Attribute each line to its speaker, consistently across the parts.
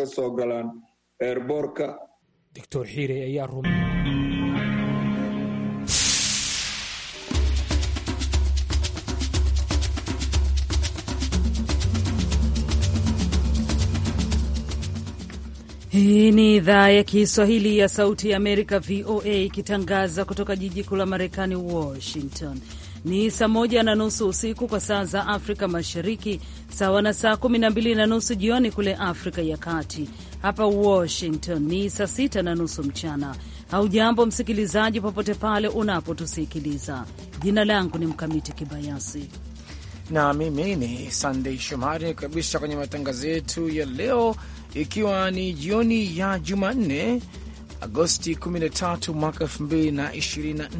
Speaker 1: kasoo galaan eerboorka doctor xiire ayaa
Speaker 2: Hii ni idhaa ya Kiswahili ya Sauti ya Amerika, VOA, ikitangaza kutoka jiji kuu la Marekani, Washington. Ni saa moja na nusu usiku kwa saa za Afrika Mashariki, sawa na saa kumi na mbili na nusu jioni kule Afrika ya Kati. Hapa Washington ni saa sita na nusu mchana. Haujambo msikilizaji, popote pale
Speaker 3: unapotusikiliza. Jina langu ni Mkamiti Kibayasi na mimi ni Sandei Shomari kabisa kwenye matangazo yetu ya leo, ikiwa ni jioni ya Jumanne Agosti 13 mwaka 2024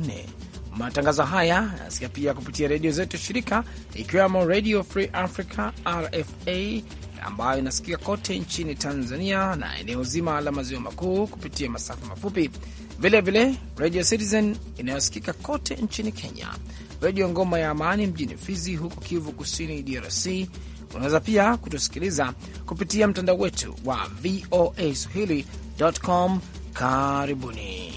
Speaker 3: Matangazo haya yanasikia pia kupitia redio zetu shirika, ikiwemo Radio Free Africa RFA ambayo inasikika kote nchini Tanzania na eneo zima la maziwa makuu kupitia masafa mafupi, vilevile Radio Citizen inayosikika kote nchini Kenya, Redio Ngoma ya Amani mjini Fizi huko Kivu Kusini, DRC. Unaweza pia kutusikiliza kupitia mtandao wetu wa VOA Swahili.com. Karibuni.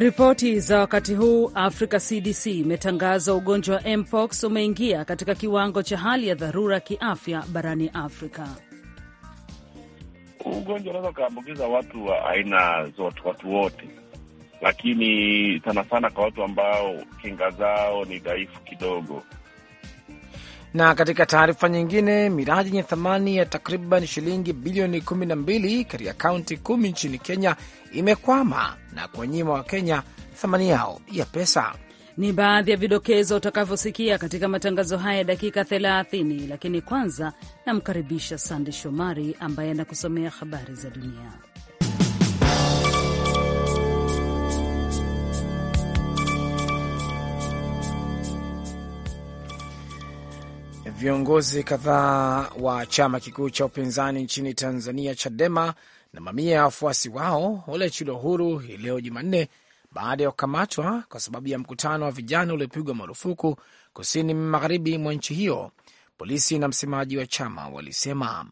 Speaker 2: Ripoti za wakati huu, Africa CDC imetangaza ugonjwa wa mpox umeingia katika kiwango cha hali ya dharura kiafya barani Afrika.
Speaker 4: Ugonjwa unaweza ukaambukiza watu wa aina zote, watu wote, lakini sana sana kwa watu ambao kinga zao ni dhaifu kidogo
Speaker 3: na katika taarifa nyingine, miradi yenye thamani ya takriban shilingi bilioni 12 katika kaunti kumi nchini Kenya imekwama na kuwanyima Wakenya thamani yao ya pesa. Ni baadhi ya vidokezo
Speaker 2: utakavyosikia katika matangazo haya dakika 30, lakini kwanza namkaribisha Sande Shomari ambaye anakusomea habari za dunia.
Speaker 3: Viongozi kadhaa wa chama kikuu cha upinzani nchini Tanzania, Chadema, na mamia ya wafuasi wao waliachiliwa huru hii leo Jumanne baada ya kukamatwa kwa sababu ya mkutano wa vijana uliopigwa marufuku kusini magharibi mwa nchi hiyo, polisi na msemaji wa chama walisema.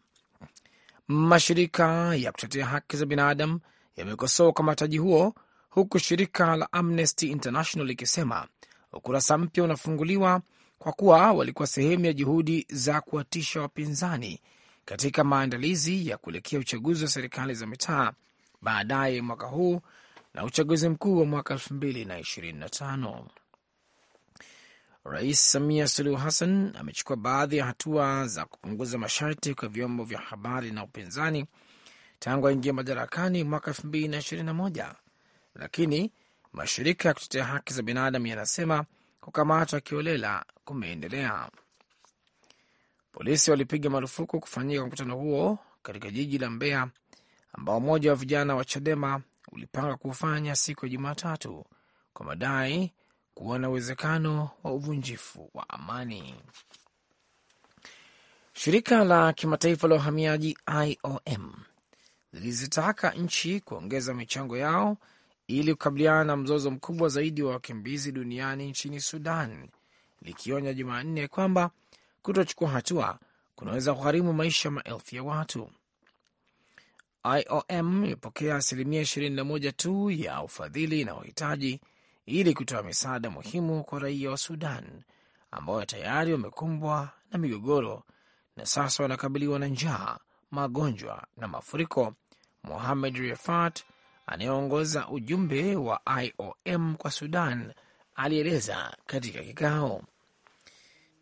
Speaker 3: Mashirika ya kutetea haki za binadamu yamekosoa ukamataji huo, huku shirika la Amnesty International likisema ukurasa mpya unafunguliwa kwa kuwa walikuwa sehemu ya juhudi za kuwatisha wapinzani katika maandalizi ya kuelekea uchaguzi wa serikali za mitaa baadaye mwaka huu na uchaguzi mkuu wa mwaka 2025. Rais Samia Suluhu Hassan amechukua baadhi ya hatua za kupunguza masharti kwa vyombo vya habari na upinzani tangu aingia madarakani mwaka 2021, lakini mashirika ya kutetea haki za binadamu yanasema kukamatwa kiolela kumeendelea. Polisi walipiga marufuku kufanyika mkutano huo katika jiji la Mbeya ambao mmoja wa vijana wa Chadema ulipanga kuufanya siku ya Jumatatu kwa madai kuwa na uwezekano wa uvunjifu wa amani. Shirika la kimataifa la uhamiaji IOM lilizitaka nchi kuongeza michango yao ili kukabiliana na mzozo mkubwa zaidi wa wakimbizi duniani nchini Sudan, likionya Jumanne kwamba kutochukua hatua kunaweza kugharimu maisha maelfu ya watu. IOM imepokea asilimia 21 tu ya ufadhili na wahitaji ili kutoa misaada muhimu kwa raia wa Sudan ambao tayari wamekumbwa na migogoro na sasa wanakabiliwa na njaa, magonjwa na mafuriko. Mohamed Riefat, anayeongoza ujumbe wa IOM kwa Sudan alieleza katika kikao.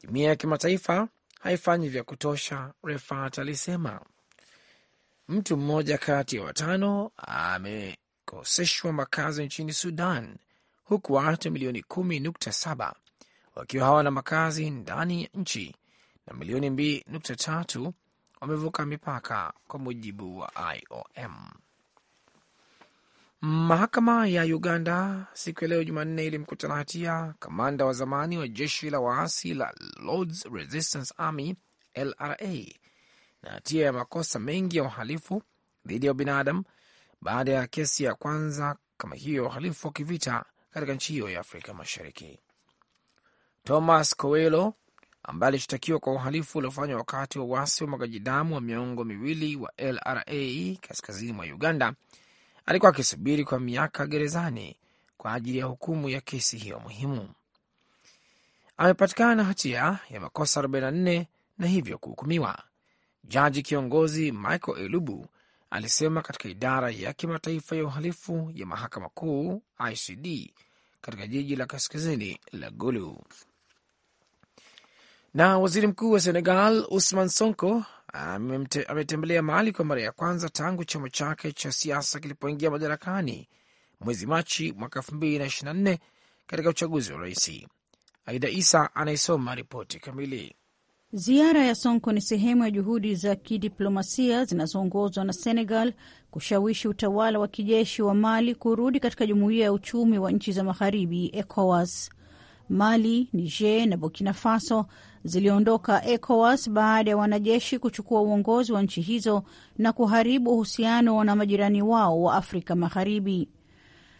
Speaker 3: Jumuiya ya kimataifa haifanyi vya kutosha, Refat alisema. Mtu mmoja kati ya watano amekoseshwa makazi nchini Sudan, huku watu milioni 17 wakiwa hawa wakiwa hawana makazi ndani ya nchi na milioni 23 wamevuka mipaka, kwa mujibu wa IOM. Mahakama ya Uganda siku ya leo Jumanne ilimkutana hatia kamanda wa zamani wa jeshi la waasi la Lords Resistance Army LRA na hatia ya makosa mengi ya uhalifu dhidi ya binadamu baada ya kesi ya kwanza kama hiyo ya uhalifu wa kivita katika nchi hiyo ya Afrika Mashariki. Thomas coelo ambaye alishtakiwa kwa uhalifu uliofanywa wakati wa uasi wa mwagaji damu wa miongo miwili wa LRA kaskazini mwa Uganda alikuwa akisubiri kwa miaka gerezani kwa ajili ya hukumu ya kesi hiyo muhimu. Amepatikana na hatia ya makosa 44 na hivyo kuhukumiwa. Jaji kiongozi Michael Elubu alisema katika idara ya kimataifa ya uhalifu ya mahakama kuu ICD katika jiji la kaskazini la Gulu. Na waziri mkuu wa Senegal Usman Sonko ametembelea Mali kwa mara ya kwanza tangu chama chake cha siasa kilipoingia madarakani mwezi Machi mwaka 2024 katika uchaguzi wa rais. Aida Isa anaisoma ripoti kamili.
Speaker 5: Ziara ya Sonko ni sehemu ya juhudi za kidiplomasia zinazoongozwa na Senegal kushawishi utawala wa kijeshi wa Mali kurudi katika jumuiya ya uchumi wa nchi za magharibi ECOWAS. Mali, Niger na Burkina Faso ziliondoka ECOWAS baada ya wanajeshi kuchukua uongozi wa nchi hizo na kuharibu uhusiano na majirani wao wa Afrika Magharibi.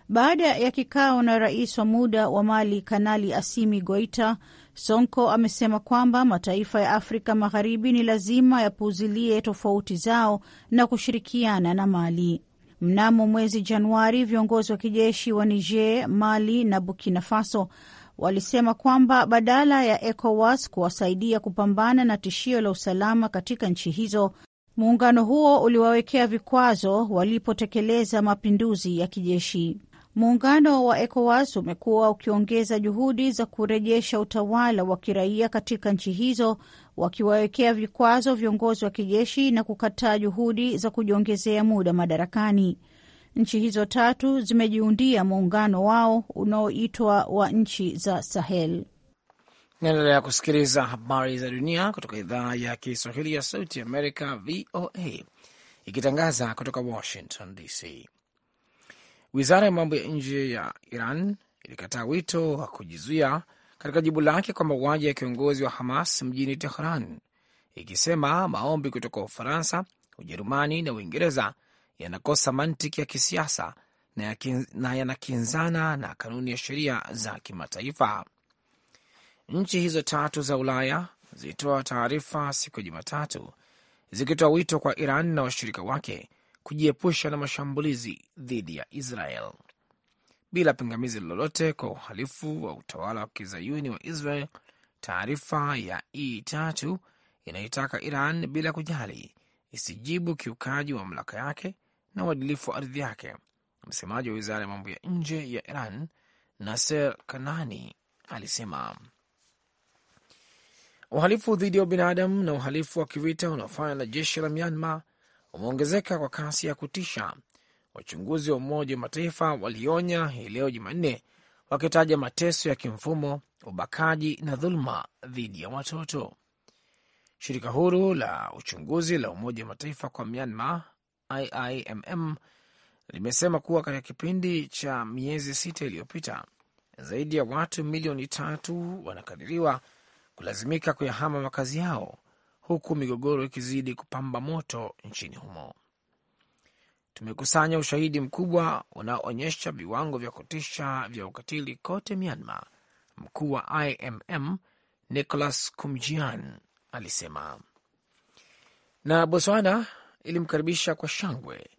Speaker 5: Baada ya kikao na rais wa muda wa Mali Kanali Asimi Goita, Sonko amesema kwamba mataifa ya Afrika Magharibi ni lazima yapuuzilie tofauti zao na kushirikiana na Mali. Mnamo mwezi Januari, viongozi wa kijeshi wa Niger, Mali na Burkina Faso walisema kwamba badala ya ECOWAS kuwasaidia kupambana na tishio la usalama katika nchi hizo, muungano huo uliwawekea vikwazo walipotekeleza mapinduzi ya kijeshi. Muungano wa ECOWAS umekuwa ukiongeza juhudi za kurejesha utawala wa kiraia katika nchi hizo, wakiwawekea vikwazo viongozi wa kijeshi na kukataa juhudi za kujiongezea muda madarakani. Nchi hizo tatu zimejiundia muungano wao unaoitwa wa nchi za Sahel.
Speaker 3: Naendelea kusikiliza habari za dunia kutoka idhaa ya Kiswahili ya Sauti Amerika, VOA, ikitangaza kutoka Washington DC. Wizara ya mambo ya nje ya Iran ilikataa wito wa kujizuia katika jibu lake kwa mauaji ya kiongozi wa Hamas mjini Tehran, ikisema maombi kutoka Ufaransa, Ujerumani na Uingereza yanakosa mantiki ya kisiasa na yanakinzana na kanuni ya sheria za kimataifa. Nchi hizo tatu za Ulaya zilitoa taarifa siku ya Jumatatu zikitoa wito kwa Iran na washirika wake kujiepusha na mashambulizi dhidi ya Israel bila pingamizi lolote kwa uhalifu wa utawala wa kizayuni wa Israel. Taarifa ya E3 inaitaka Iran bila kujali isijibu kiukaji wa mamlaka yake na uadilifu wa ardhi yake. Msemaji wa wizara ya mambo ya nje ya Iran Naser Kanani alisema uhalifu dhidi ya ubinadamu na uhalifu wa kivita unaofanywa na jeshi la Myanmar umeongezeka kwa kasi ya kutisha. Wachunguzi wa Umoja wa Mataifa walionya hii leo Jumanne, wakitaja mateso ya kimfumo, ubakaji na dhuluma dhidi ya watoto. Shirika huru la uchunguzi la Umoja wa Mataifa kwa Myanmar IIMM limesema kuwa katika kipindi cha miezi sita iliyopita zaidi ya watu milioni tatu wanakadiriwa kulazimika kuyahama makazi yao huku migogoro ikizidi kupamba moto nchini humo. Tumekusanya ushahidi mkubwa unaoonyesha viwango vya kutisha vya ukatili kote Myanmar, mkuu wa IMM Nicholas Kumjian alisema. Na Botswana ilimkaribisha kwa shangwe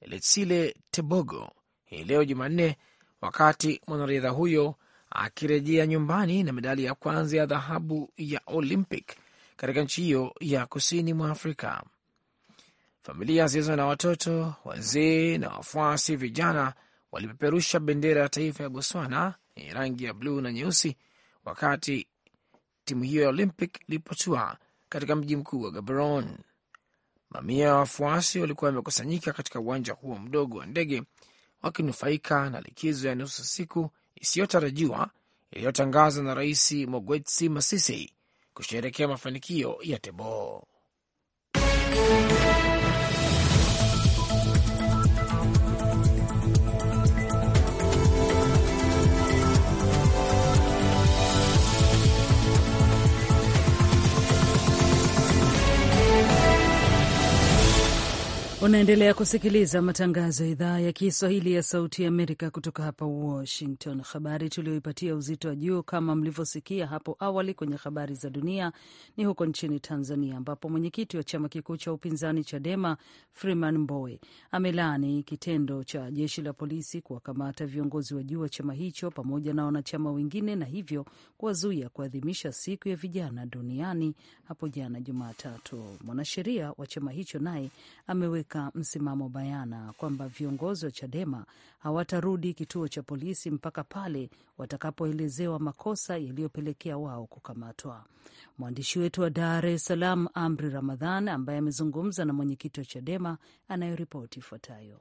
Speaker 3: Letsile Tebogo hii leo Jumanne, wakati mwanariadha huyo akirejea nyumbani na medali ya kwanza ya dhahabu ya Olympic katika nchi hiyo ya kusini mwa Afrika. Familia zilizo na watoto, wazee na wafuasi vijana walipeperusha bendera ya taifa ya Botswana yenye rangi ya bluu na nyeusi wakati timu hiyo ya Olympic ilipotua katika mji mkuu wa Gaborone. Mamia ya wafuasi walikuwa wamekusanyika katika uwanja huo mdogo wa ndege wakinufaika na likizo ya nusu siku isiyotarajiwa iliyotangazwa na Rais Mogwetsi Masisi kusherekea mafanikio ya teboo
Speaker 2: Unaendelea kusikiliza matangazo ya idhaa ya Kiswahili ya Sauti ya Amerika kutoka hapa Washington. Habari tuliyoipatia uzito wa juu kama mlivyosikia hapo awali kwenye habari za dunia ni huko nchini Tanzania, ambapo mwenyekiti wa chama kikuu cha upinzani Chadema Freeman Mbowe amelaani kitendo cha jeshi la polisi kuwakamata viongozi wa juu wa chama hicho pamoja na wanachama wengine na hivyo kuwazuia kuadhimisha siku ya vijana duniani hapo jana Jumatatu. Mwanasheria wa chama hicho naye amewe wameweka msimamo bayana kwamba viongozi wa Chadema hawatarudi kituo cha polisi mpaka pale watakapoelezewa makosa yaliyopelekea wao kukamatwa. Mwandishi wetu wa Dar es Salaam, Amri Ramadhan, ambaye amezungumza na mwenyekiti wa Chadema, anayoripoti ifuatayo.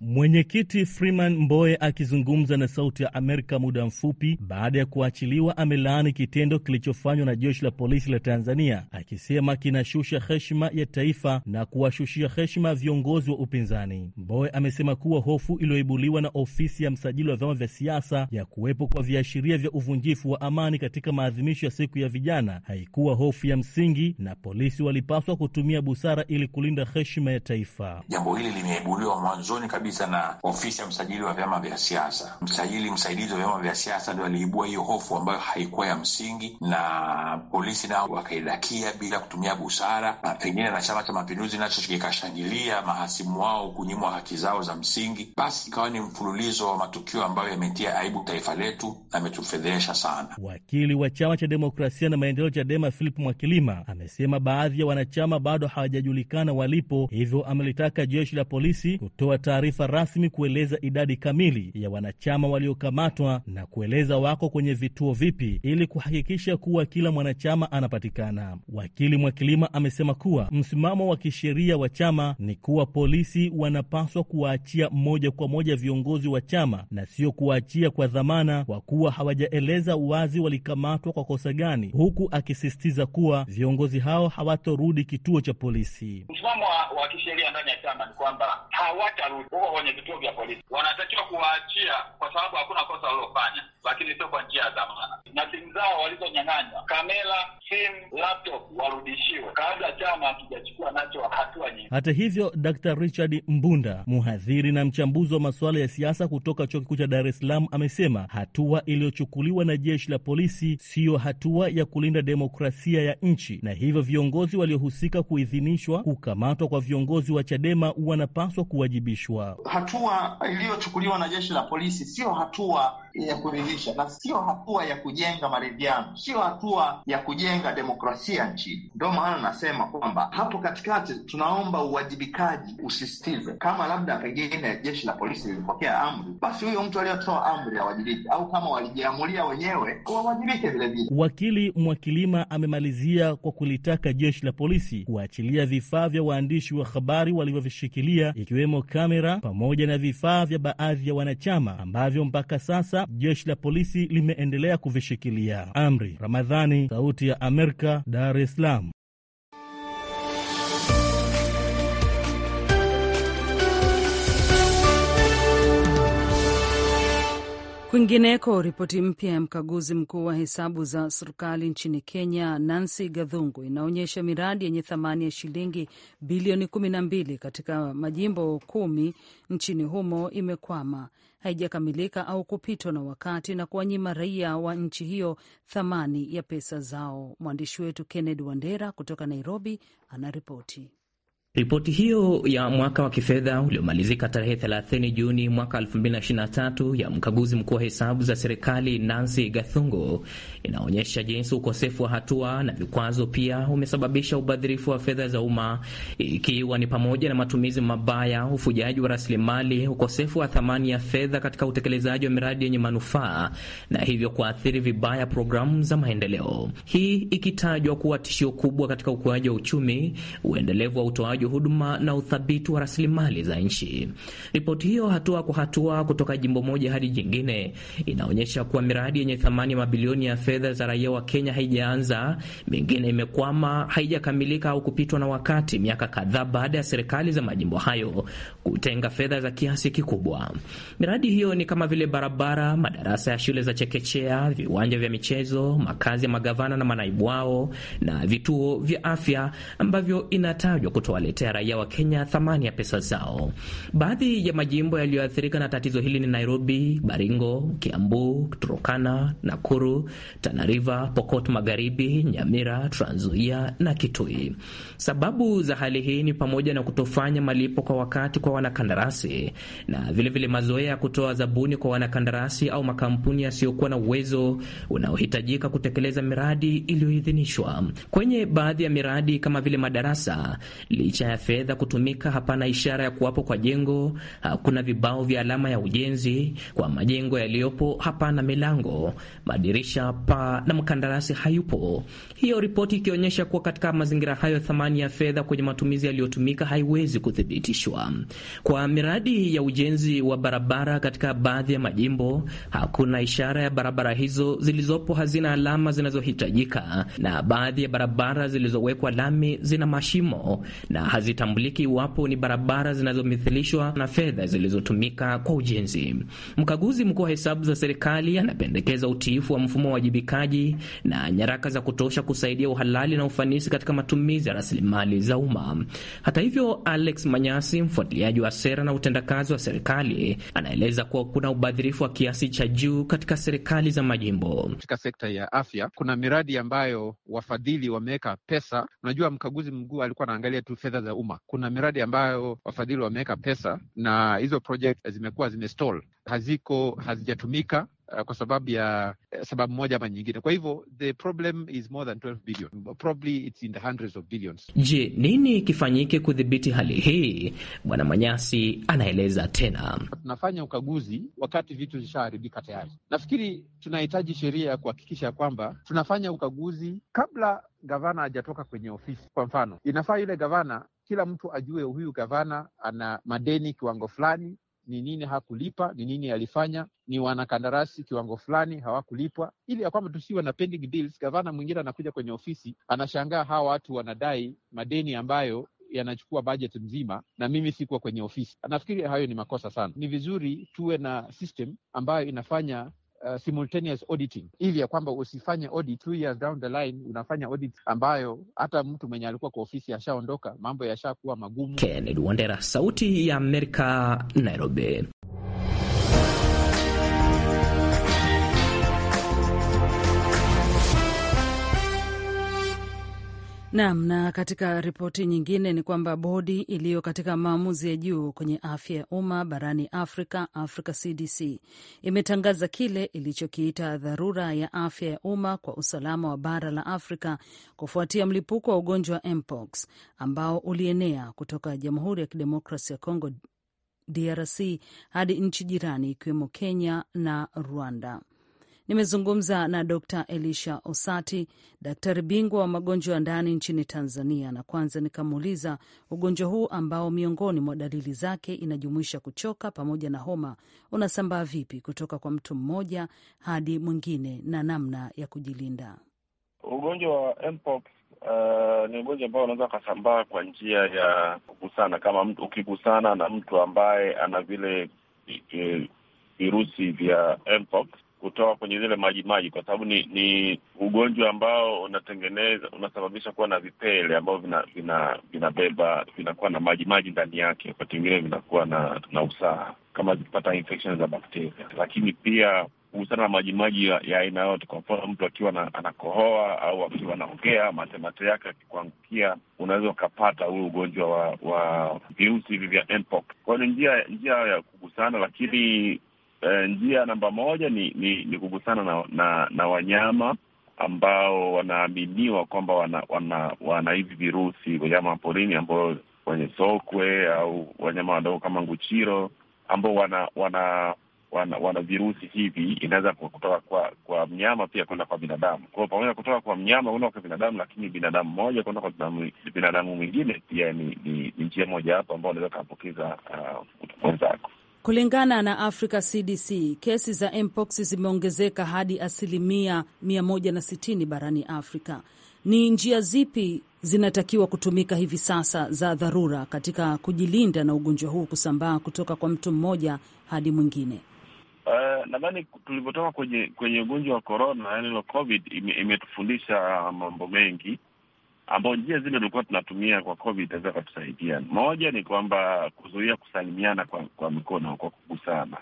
Speaker 6: Mwenyekiti Freeman Mbowe akizungumza na Sauti ya Amerika muda mfupi baada ya kuachiliwa, amelaani kitendo kilichofanywa na jeshi la polisi la Tanzania, akisema kinashusha heshima ya taifa na kuwashushia heshima viongozi wa upinzani. Mbowe amesema kuwa hofu iliyoibuliwa na ofisi ya msajili wa vyama vya siasa ya kuwepo kwa viashiria vya uvunjifu wa amani katika maadhimisho ya siku ya vijana haikuwa hofu ya msingi, na polisi walipaswa kutumia busara ili kulinda heshima ya taifa.
Speaker 4: Jambo hili limeibuliwa mwanzoni kabisa kabisa na ofisi ya msajili wa vyama vya siasa. Msajili msaidizi wa vyama vya siasa ndio aliibua hiyo hofu ambayo haikuwa ya msingi, na polisi nao wakaidakia bila kutumia busara, na pengine na Chama cha Mapinduzi nacho kikashangilia mahasimu wao kunyimwa haki zao za msingi. Basi ikawa ni mfululizo wa matukio ambayo yametia aibu taifa letu na ametufedhesha sana. Wakili
Speaker 6: wa Chama cha Demokrasia na Maendeleo CHADEMA Philip Mwakilima amesema baadhi ya wanachama bado hawajajulikana walipo, hivyo amelitaka jeshi la polisi kutoa taarifa taarifa rasmi kueleza idadi kamili ya wanachama waliokamatwa na kueleza wako kwenye vituo vipi ili kuhakikisha kuwa kila mwanachama anapatikana. Wakili Mwakilima amesema kuwa msimamo wa kisheria wa chama ni kuwa polisi wanapaswa kuwaachia moja kwa moja viongozi wa chama na sio kuwaachia kwa dhamana kwa kuwa hawajaeleza wazi walikamatwa kwa kosa gani, huku akisisitiza kuwa viongozi hao hawatorudi kituo cha polisi.
Speaker 4: Msimamo wa, wa kisheria ndani ya chama ni kwamba hawatarudi huko kwenye vituo vya polisi. Wanatakiwa kuwaachia
Speaker 7: kwa sababu hakuna kosa walilofanya,
Speaker 4: lakini sio kwa njia ya dhamana, na simu zao walizonyang'anywa, kamera, simu, laptop warudishiwe kabla chama hakijachukua nacho hatua nyingi. Hata
Speaker 6: hivyo, Dr. Richard Mbunda, mhadhiri na mchambuzi wa masuala ya siasa kutoka Chuo Kikuu cha Dar es Salaam, amesema hatua iliyochukuliwa na jeshi la polisi siyo hatua ya kulinda demokrasia ya nchi, na hivyo viongozi waliohusika kuidhinishwa kukamatwa kwa viongozi wa Chadema wanapaswa ku kuwajibishwa. Hatua iliyochukuliwa na jeshi la polisi siyo hatua ya kuridhisha na sio hatua ya kujenga maridhiano, sio hatua ya kujenga demokrasia nchini. Ndio maana nasema kwamba hapo katikati tunaomba uwajibikaji usisitizwe Kama labda pengine jeshi la polisi lilipokea amri, basi huyo mtu aliyotoa amri awajibike, au kama walijiamulia wenyewe wawajibike vilevile. Wakili Mwakilima amemalizia kwa kulitaka jeshi la polisi kuachilia vifaa vya waandishi wa habari walivyovishikilia, ikiwemo kamera pamoja na vifaa vya baadhi ya wanachama ambavyo mpaka sasa jeshi la polisi limeendelea kuvishikilia. Amri Ramadhani, Sauti ya Amerika, Dar es Salaam.
Speaker 2: Kwingineko, ripoti mpya ya mkaguzi mkuu wa hesabu za serikali nchini Kenya, Nancy gadhungu inaonyesha miradi yenye thamani ya shilingi bilioni kumi na mbili katika majimbo kumi nchini humo imekwama haijakamilika au kupitwa na wakati na kuwanyima raia wa nchi hiyo thamani ya pesa zao. Mwandishi wetu kenned Wandera kutoka Nairobi anaripoti.
Speaker 8: Ripoti hiyo ya mwaka wa kifedha uliomalizika tarehe 30 Juni mwaka 2023 ya mkaguzi mkuu wa hesabu za serikali Nancy Gathungo inaonyesha jinsi ukosefu wa hatua na vikwazo pia umesababisha ubadhirifu wa fedha za umma, ikiwa ni pamoja na matumizi mabaya, ufujaji wa rasilimali, ukosefu wa thamani ya fedha katika utekelezaji wa miradi yenye manufaa, na hivyo kuathiri vibaya programu za maendeleo, hii ikitajwa kuwa tishio kubwa katika ukuaji wa uchumi, uendelevu wa utoaji utoaji huduma na uthabiti wa rasilimali za nchi. Ripoti hiyo hatua kwa hatua kutoka jimbo moja hadi jingine inaonyesha kuwa miradi yenye thamani ya mabilioni ya fedha za raia wa Kenya haijaanza, mingine imekwama, haijakamilika au kupitwa na wakati, miaka kadhaa baada ya serikali za majimbo hayo kutenga fedha za kiasi kikubwa. Miradi hiyo ni kama vile barabara, madarasa ya shule za chekechea, viwanja vya michezo, makazi ya magavana na manaibu wao na vituo vya afya ambavyo inatajwa kutoa ya raia wa Kenya thamani ya pesa zao. Baadhi ya majimbo yaliyoathirika na tatizo hili ni Nairobi, Baringo, Kiambu, Turkana, Nakuru, Tana River, Pokot Magharibi, Nyamira, Trans Nzoia na Kitui. Sababu za hali hii ni pamoja na kutofanya malipo kwa wakati kwa wanakandarasi na vilevile vile mazoea ya kutoa zabuni kwa wanakandarasi au makampuni yasiyokuwa na uwezo unaohitajika kutekeleza miradi iliyoidhinishwa. Kwenye baadhi ya miradi kama vile madarasa, licha licha ya fedha kutumika, hapana ishara ya kuwapo kwa jengo, hakuna vibao vya alama ya ujenzi kwa majengo yaliyopo, hapana milango, madirisha, paa na mkandarasi hayupo. Hiyo ripoti ikionyesha kuwa katika mazingira hayo thamani ya fedha kwenye matumizi yaliyotumika haiwezi kuthibitishwa. Kwa miradi ya ujenzi wa barabara katika baadhi ya majimbo, hakuna ishara ya barabara hizo zilizopo hazina alama zinazohitajika, na baadhi ya barabara zilizowekwa lami zina mashimo na hazitambuliki iwapo ni barabara zinazomithilishwa na fedha zilizotumika kwa ujenzi. Mkaguzi mkuu wa hesabu za serikali anapendekeza utiifu wa mfumo wa uwajibikaji na nyaraka za kutosha kusaidia uhalali na ufanisi katika matumizi ya rasilimali za umma. Hata hivyo, Alex Manyasi, mfuatiliaji wa sera na utendakazi wa serikali, anaeleza kuwa kuna ubadhirifu wa kiasi cha juu katika serikali za majimbo. Katika
Speaker 7: sekta ya afya kuna miradi ambayo wafadhili wameweka pesa. Unajua, mkaguzi mkuu alikuwa anaangalia tu fedha fedha za umma. Kuna miradi ambayo wafadhili wameweka pesa na hizo project zimekuwa zimestall, haziko hazijatumika Eh, kwa sababu ya eh, sababu moja ama nyingine. Kwa hivyo the problem is more than 12 billion, probably it's in the hundreds of billions.
Speaker 8: Je, nini kifanyike kudhibiti hali hii? Bwana Manyasi anaeleza tena.
Speaker 7: Tunafanya ukaguzi wakati vitu zishaharibika tayari. Nafikiri tunahitaji sheria ya kuhakikisha kwamba tunafanya ukaguzi kabla gavana hajatoka kwenye ofisi. Kwa mfano, inafaa yule gavana, kila mtu ajue huyu gavana ana madeni kiwango fulani ni nini hakulipa, ni nini alifanya, ni wanakandarasi kiwango fulani hawakulipwa, ili ya kwamba tusiwe na pending Gavana mwingine anakuja kwenye ofisi anashangaa hawa watu wanadai madeni ambayo yanachukua bajeti mzima na mimi sikuwa kwenye ofisi. Nafikiri hayo ni makosa sana. Ni vizuri tuwe na system ambayo inafanya Uh, simultaneous auditing ili ya kwamba usifanye audit two years down the line, unafanya audit ambayo hata mtu mwenye alikuwa kwa ofisi ashaondoka, mambo yashakuwa magumu. Kennedy
Speaker 8: Wandera, Sauti ya Amerika, Nairobi.
Speaker 2: Naam, na katika ripoti nyingine ni kwamba bodi iliyo katika maamuzi ya juu kwenye afya ya umma barani Afrika, Africa CDC, imetangaza kile ilichokiita dharura ya afya ya umma kwa usalama wa bara la Afrika kufuatia mlipuko wa ugonjwa wa mpox ambao ulienea kutoka Jamhuri ya Kidemokrasi ya Kongo DRC hadi nchi jirani ikiwemo Kenya na Rwanda. Nimezungumza na Dr Elisha Osati, daktari bingwa wa magonjwa ya ndani nchini Tanzania, na kwanza nikamuuliza ugonjwa huu ambao miongoni mwa dalili zake inajumuisha kuchoka pamoja na homa, unasambaa vipi kutoka kwa mtu mmoja hadi mwingine na namna ya kujilinda?
Speaker 4: Ugonjwa wa mpox uh, ni ugonjwa ambao unaweza ukasambaa kwa njia ya kugusana. Kama mtu ukigusana na mtu ambaye ana vile virusi vya mpox kutoka kwenye zile maji maji, kwa sababu ni ni ugonjwa ambao unatengeneza unasababisha kuwa na vipele ambavyo vinabeba vina, vina vinakuwa na maji maji ndani yake, wakati mwingine vinakuwa na na usaha kama zikipata infection za bakteria, lakini pia kugusana na majimaji ya aina yote. Kwa mfano, mtu akiwa anakohoa au akiwa anaongea matemate yake akikuangukia, unaweza ukapata huu ugonjwa wa wa virusi hivi vya mpox. Kwa hiyo ni njia njia ya kugusana, lakini E, njia namba moja ni ni, ni kugusana na, na na wanyama ambao wanaaminiwa kwamba wana, wana wana hivi virusi, wanyama wa porini ambao wenye sokwe au wanyama wadogo kama nguchiro ambao wana wana wana, wana virusi hivi, inaweza kutoka kwa kwa mnyama pia kwenda kwa binadamu. Kwa hiyo pamoja kutoka kwa mnyama kwenda kwa binadamu, lakini binadamu mmoja kwenda kwa binadamu mwingine pia ni, ni, ni njia moja hapo ambao unaweza ukaambukiza uh,
Speaker 2: mwenzako. Kulingana na Africa CDC, kesi za mpox zimeongezeka hadi asilimia 160 barani Afrika. Ni njia zipi zinatakiwa kutumika hivi sasa za dharura katika kujilinda na ugonjwa huu kusambaa kutoka kwa mtu mmoja hadi mwingine?
Speaker 4: Uh, nadhani tulivyotoka kwenye kwenye ugonjwa wa corona, yani covid, imetufundisha ime mambo mengi ambao njia zile tulikuwa tunatumia kwa COVID itaweza katusaidia. Moja ni kwamba kuzuia kusalimiana kwa, kwa mikono kwa kugusana.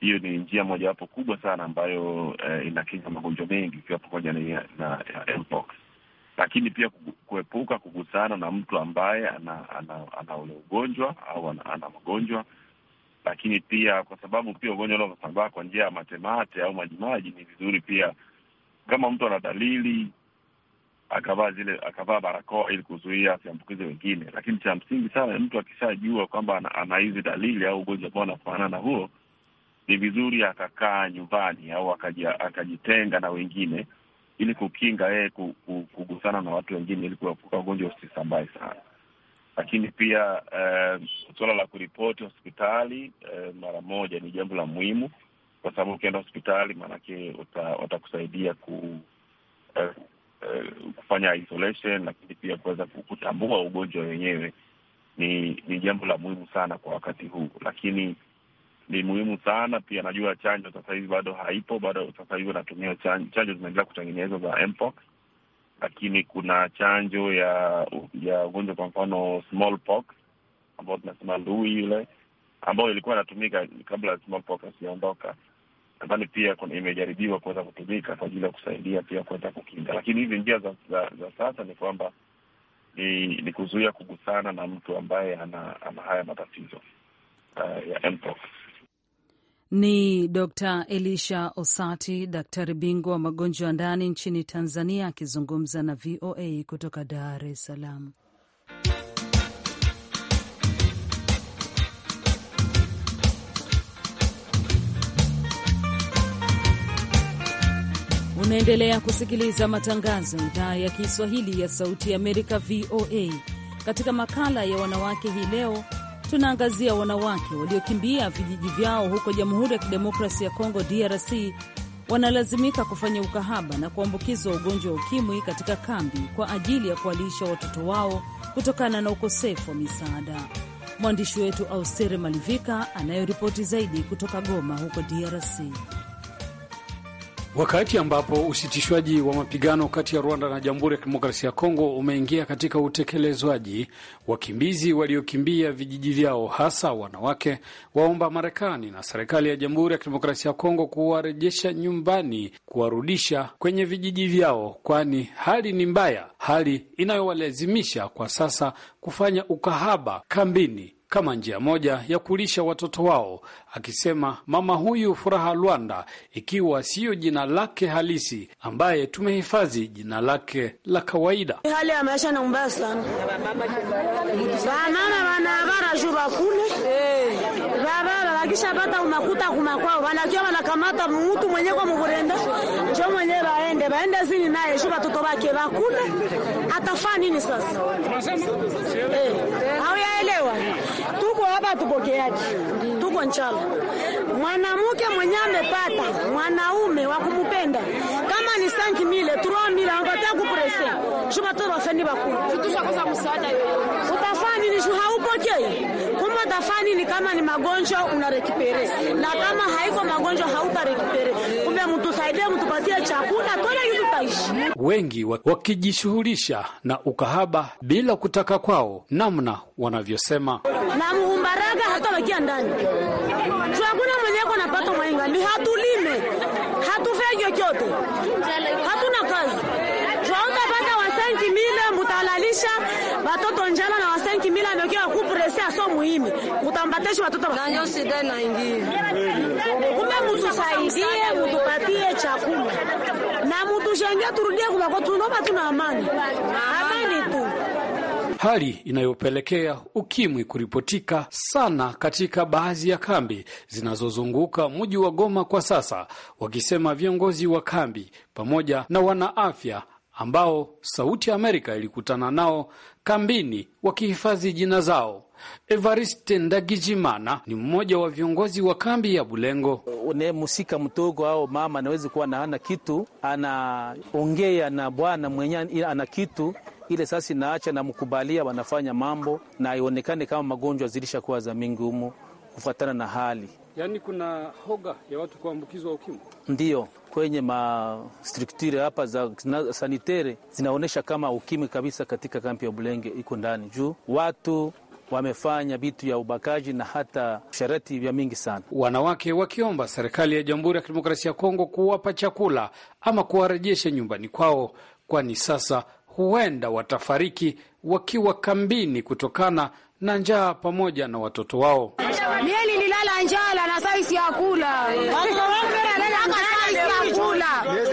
Speaker 4: Hiyo ni njia mojawapo kubwa sana ambayo eh, inakinga magonjwa mengi ikiwa pamoja na, na mpox, lakini pia kuepuka kugusana na mtu ambaye ana, ana, ana ule ugonjwa au ana, ana magonjwa lakini pia kwa sababu pia ugonjwa unaosambaa kwa njia ya matemate au majimaji, ni vizuri pia kama mtu ana dalili akavaa zile akavaa barakoa ili kuzuia asiambukize wengine. Lakini cha msingi sana, mtu akishajua kwamba ana hizi dalili au ugonjwa ambao anafanana na huo, ni vizuri akakaa nyumbani au akajitenga na wengine ili kukinga yeye kugusana na watu wengine ili kuepuka ugonjwa usisambae sana. Lakini pia eh, suala la kuripoti hospitali eh, mara moja ni jambo la muhimu, kwa sababu ukienda hospitali maanake watakusaidia ku eh, uh, kufanya isolation, lakini pia kuweza kutambua ugonjwa wenyewe ni ni jambo la muhimu sana kwa wakati huu, lakini ni muhimu sana pia. Najua chanjo sasa hivi bado haipo, bado sasa hivi wanatumia chanjo, chanjo zinaendelea kutengenezwa za mpox, lakini kuna chanjo ya ya ugonjwa kwa mfano smallpox ambao tunasema ndui yule, ambayo ilikuwa inatumika kabla ya smallpox nadhani pia imejaribiwa kuweza kutumika kwa ajili ya kusaidia pia kuweza kukinga, lakini hizi njia za, za, za sasa ni kwamba ni, ni kuzuia kugusana na mtu ambaye ana, ana haya matatizo uh, ya mpox.
Speaker 2: Ni Dr Elisha Osati, daktari bingwa wa magonjwa ndani nchini Tanzania, akizungumza na VOA kutoka Dar es Salaam. Unaendelea kusikiliza matangazo ya idhaa ya Kiswahili ya Sauti ya Amerika, VOA. Katika makala ya wanawake hii leo, tunaangazia wanawake waliokimbia vijiji vyao huko Jamhuri ya Kidemokrasi ya Kongo, DRC, wanalazimika kufanya ukahaba na kuambukizwa ugonjwa wa ukimwi katika kambi kwa ajili ya kuwalisha watoto wao kutokana na ukosefu wa misaada. Mwandishi wetu Austere Malivika anayoripoti zaidi kutoka Goma huko DRC.
Speaker 1: Wakati ambapo usitishwaji wa mapigano kati ya Rwanda na Jamhuri ya Kidemokrasia ya Kongo umeingia katika utekelezwaji, wakimbizi waliokimbia vijiji vyao, hasa wanawake, waomba Marekani na serikali ya Jamhuri ya Kidemokrasia ya Kongo kuwarejesha nyumbani, kuwarudisha kwenye vijiji vyao, kwani hali ni mbaya, hali inayowalazimisha kwa sasa kufanya ukahaba kambini kama njia moja ya kulisha watoto wao, akisema mama huyu Furaha Lwanda, ikiwa siyo jina lake halisi, ambaye tumehifadhi jina lake la kawaida.
Speaker 9: Hali ya maisha ni mbaya sana, vanana vanavara juu vakule vavava vakishapata unakuta kumakwao vanakia vanakamata mutu mwenye kwa muvurende njo mwenye vaende vaende zini naye juu vatoto vake vakule atafaa nini sasa? hey. Eh baba tupokeaje? tuko nchala. Mwanamke mwenye amepata mwanaume wa kumupenda kama ni sanki mile turo mile angatia kuprese shuma todo afendi bakuru kitusha kosa msaada yoyo utafani ni shuha upokei kumbe utafani ni kama ni magonjwa rekipere na kama haiko magonjwa rekipere Kumbe mtu saidia mtu mtupatie chakula tole ili taishi.
Speaker 1: Wengi wakijishughulisha na ukahaba bila kutaka kwao, namna wanavyosema
Speaker 9: na watoto wakia ndani, hakuna mwenye ako napata mwainga, ni hatulime, hatufanye chochote, hatuna kazi twautapata wasenki mile mutalalisha watoto njala na wa wasenki mile amekiwa kupresi aso muhimu mutambatesha watoto nanyo sida na ingie, kumbe mutusaidie, mutupatie chakula na mtu mutushenge turudie, kumako tunaomba tuna amani amani tu
Speaker 1: hali inayopelekea ukimwi kuripotika sana katika baadhi ya kambi zinazozunguka mji wa Goma kwa sasa, wakisema viongozi wa kambi pamoja na wanaafya ambao Sauti ya Amerika ilikutana nao kambini wakihifadhi jina zao. Evariste Ndagijimana ni mmoja wa viongozi wa kambi ya Bulengo. Unemusika mtogo au mama anawezi kuwa naana kitu, anaongea na bwana mwenye
Speaker 6: ana kitu ile sasa inaacha na mkubalia, wanafanya mambo na ionekane kama magonjwa zilishakuwa za mingi humo kufuatana na hali.
Speaker 1: Yaani kuna hoga ya watu kuambukizwa ukimwi.
Speaker 6: Ndiyo, kwenye mastrukturi hapa za sanitere zinaonyesha kama ukimwi kabisa katika kampi ya Bulenge iko ndani juu watu wamefanya
Speaker 1: vitu ya ubakaji na hata shareti vya mingi sana. Wanawake wakiomba serikali ya Jamhuri ya Kidemokrasia ya Kongo kuwapa chakula ama kuwarejesha nyumbani kwao, kwani sasa huenda watafariki wakiwa kambini kutokana na njaa pamoja na watoto wao.
Speaker 9: mie nililala njala na saisi ya kula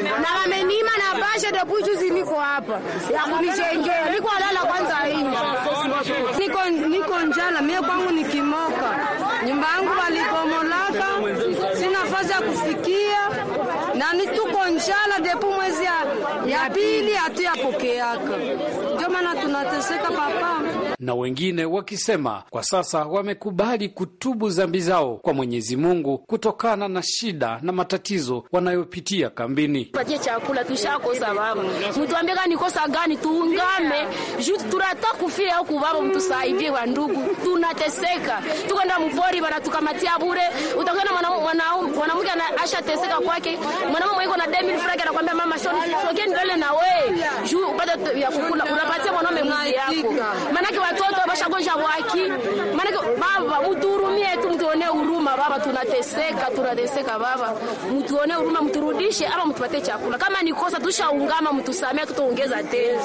Speaker 9: na wamenima na basha juzi niko hapa ya kunijengea, niko alala kwanza ini, niko niko njala mie, kwangu nikimoka nyumba yangu walipomolaka, sina nafasi ya kufikia na ni tuko njala depu mwezi ya pili hatuyapokeaka, ndio maana tunateseka papa
Speaker 1: na wengine wakisema kwa sasa wamekubali kutubu dhambi zao kwa Mwenyezi Mungu kutokana na shida na matatizo wanayopitia kambini.
Speaker 9: Patie chakula tushakosa baba, mtuambie gani kosa gani, tuungame juu kufia huku baba, mtusaidie wa ndugu, tunateseka, mpori bure. Utakwenda mwanamke kwake, mwanamume na demi frake, mama shoni na juu upate ya kukula, unapatia yako manake watoto washagonja waki. Maana baba, uturumie tu, mtuone huruma baba, tunateseka tunateseka baba, mtuone huruma, mturudishe ama mtupate chakula. Kama ni kosa tushaungama, mtusamee, tutaongeza
Speaker 4: tena.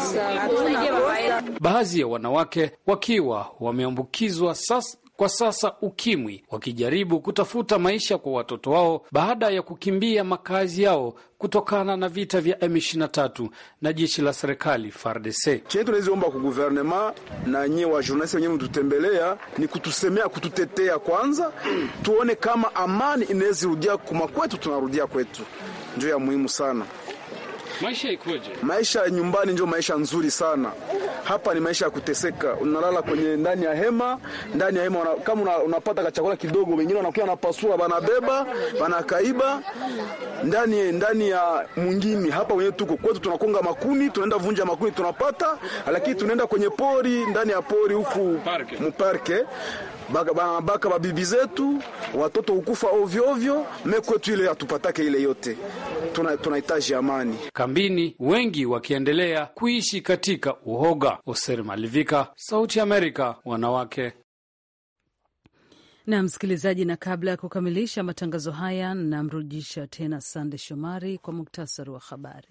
Speaker 1: Baadhi ya wanawake wakiwa wameambukizwa sasa kwa sasa ukimwi, wakijaribu kutafuta maisha kwa watoto wao baada ya kukimbia makazi yao kutokana na vita vya M23 na jeshi la serikali FARDC.
Speaker 6: Chenye tunaziomba ku guvernema na nyie wa journalist wenyewe mtutembelea ni kutusemea, kututetea kwanza, tuone kama amani inawezirudia kuma kwetu, tunarudia kwetu, ndio ya muhimu sana.
Speaker 1: Maisha ikoje?
Speaker 6: Maisha nyumbani ndio maisha nzuri sana. Hapa ni maisha ya kuteseka, unalala kwenye ndani ya hema, ndani ya hema una, kama una, unapata ka chakula kidogo, wengine wanakuwa wanapasua, wanabeba, wanakaiba ndani ndani ya mwingine. Hapa wenyewe tuko kwetu, tunakonga makuni, tunaenda vunja makuni tunapata, lakini tunaenda kwenye pori, ndani ya pori huku mparke banabaka babibi zetu, watoto hukufa ovyo ovyo. Mekwetu ile hatupatake ile yote tunahitaji tuna amani
Speaker 1: kambini, wengi wakiendelea kuishi katika uhoga. Oser Malivika, Sauti ya Amerika, wanawake
Speaker 2: na msikilizaji. Na kabla ya kukamilisha matangazo haya, namrudisha tena Sande Shomari kwa muktasari wa habari.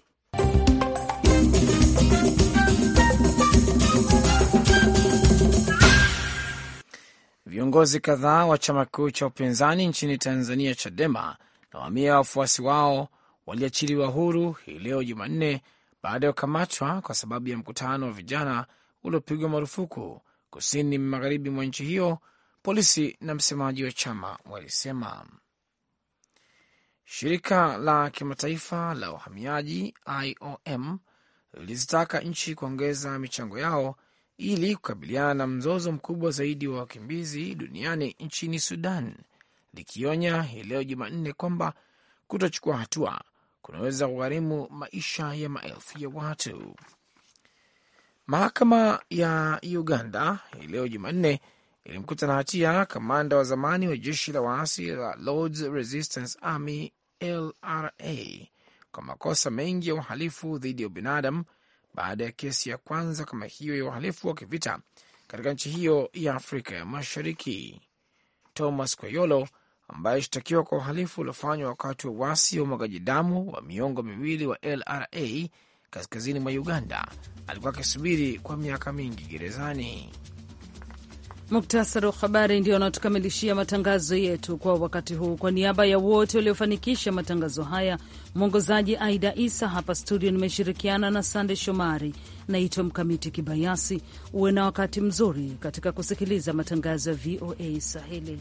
Speaker 3: Viongozi kadhaa wa chama kikuu cha upinzani nchini Tanzania, Chadema, na wamia wafuasi wao waliachiliwa huru hii leo Jumanne baada ya kukamatwa kwa sababu ya mkutano wa vijana uliopigwa marufuku kusini magharibi mwa nchi hiyo, polisi na msemaji wa chama walisema. Shirika la kimataifa la uhamiaji IOM lilizitaka nchi kuongeza michango yao ili kukabiliana na mzozo mkubwa zaidi wa wakimbizi duniani nchini Sudan, likionya hii leo Jumanne kwamba kutochukua hatua kunaweza kugharimu maisha ya maelfu ya watu. Mahakama ya Uganda hii leo Jumanne ilimkuta na hatia kamanda wa zamani wa jeshi la waasi la Lords Resistance Army LRA kwa makosa mengi ya uhalifu dhidi ya ubinadamu baada ya kesi ya kwanza kama hiyo ya uhalifu wa kivita katika nchi hiyo ya Afrika ya Mashariki. Thomas Kweyolo ambaye alishtakiwa kwa uhalifu uliofanywa wakati wa uasi wa umwagaji damu wa miongo miwili wa LRA kaskazini mwa Uganda alikuwa akisubiri kwa miaka mingi gerezani. Muktasari
Speaker 2: wa habari ndio anatukamilishia matangazo yetu kwa wakati huu. Kwa niaba ya wote waliofanikisha matangazo haya, mwongozaji Aida Isa, hapa studio nimeshirikiana na Sande Shomari. Naitwa Mkamiti Kibayasi. Uwe na wakati mzuri katika kusikiliza matangazo ya VOA Sahili.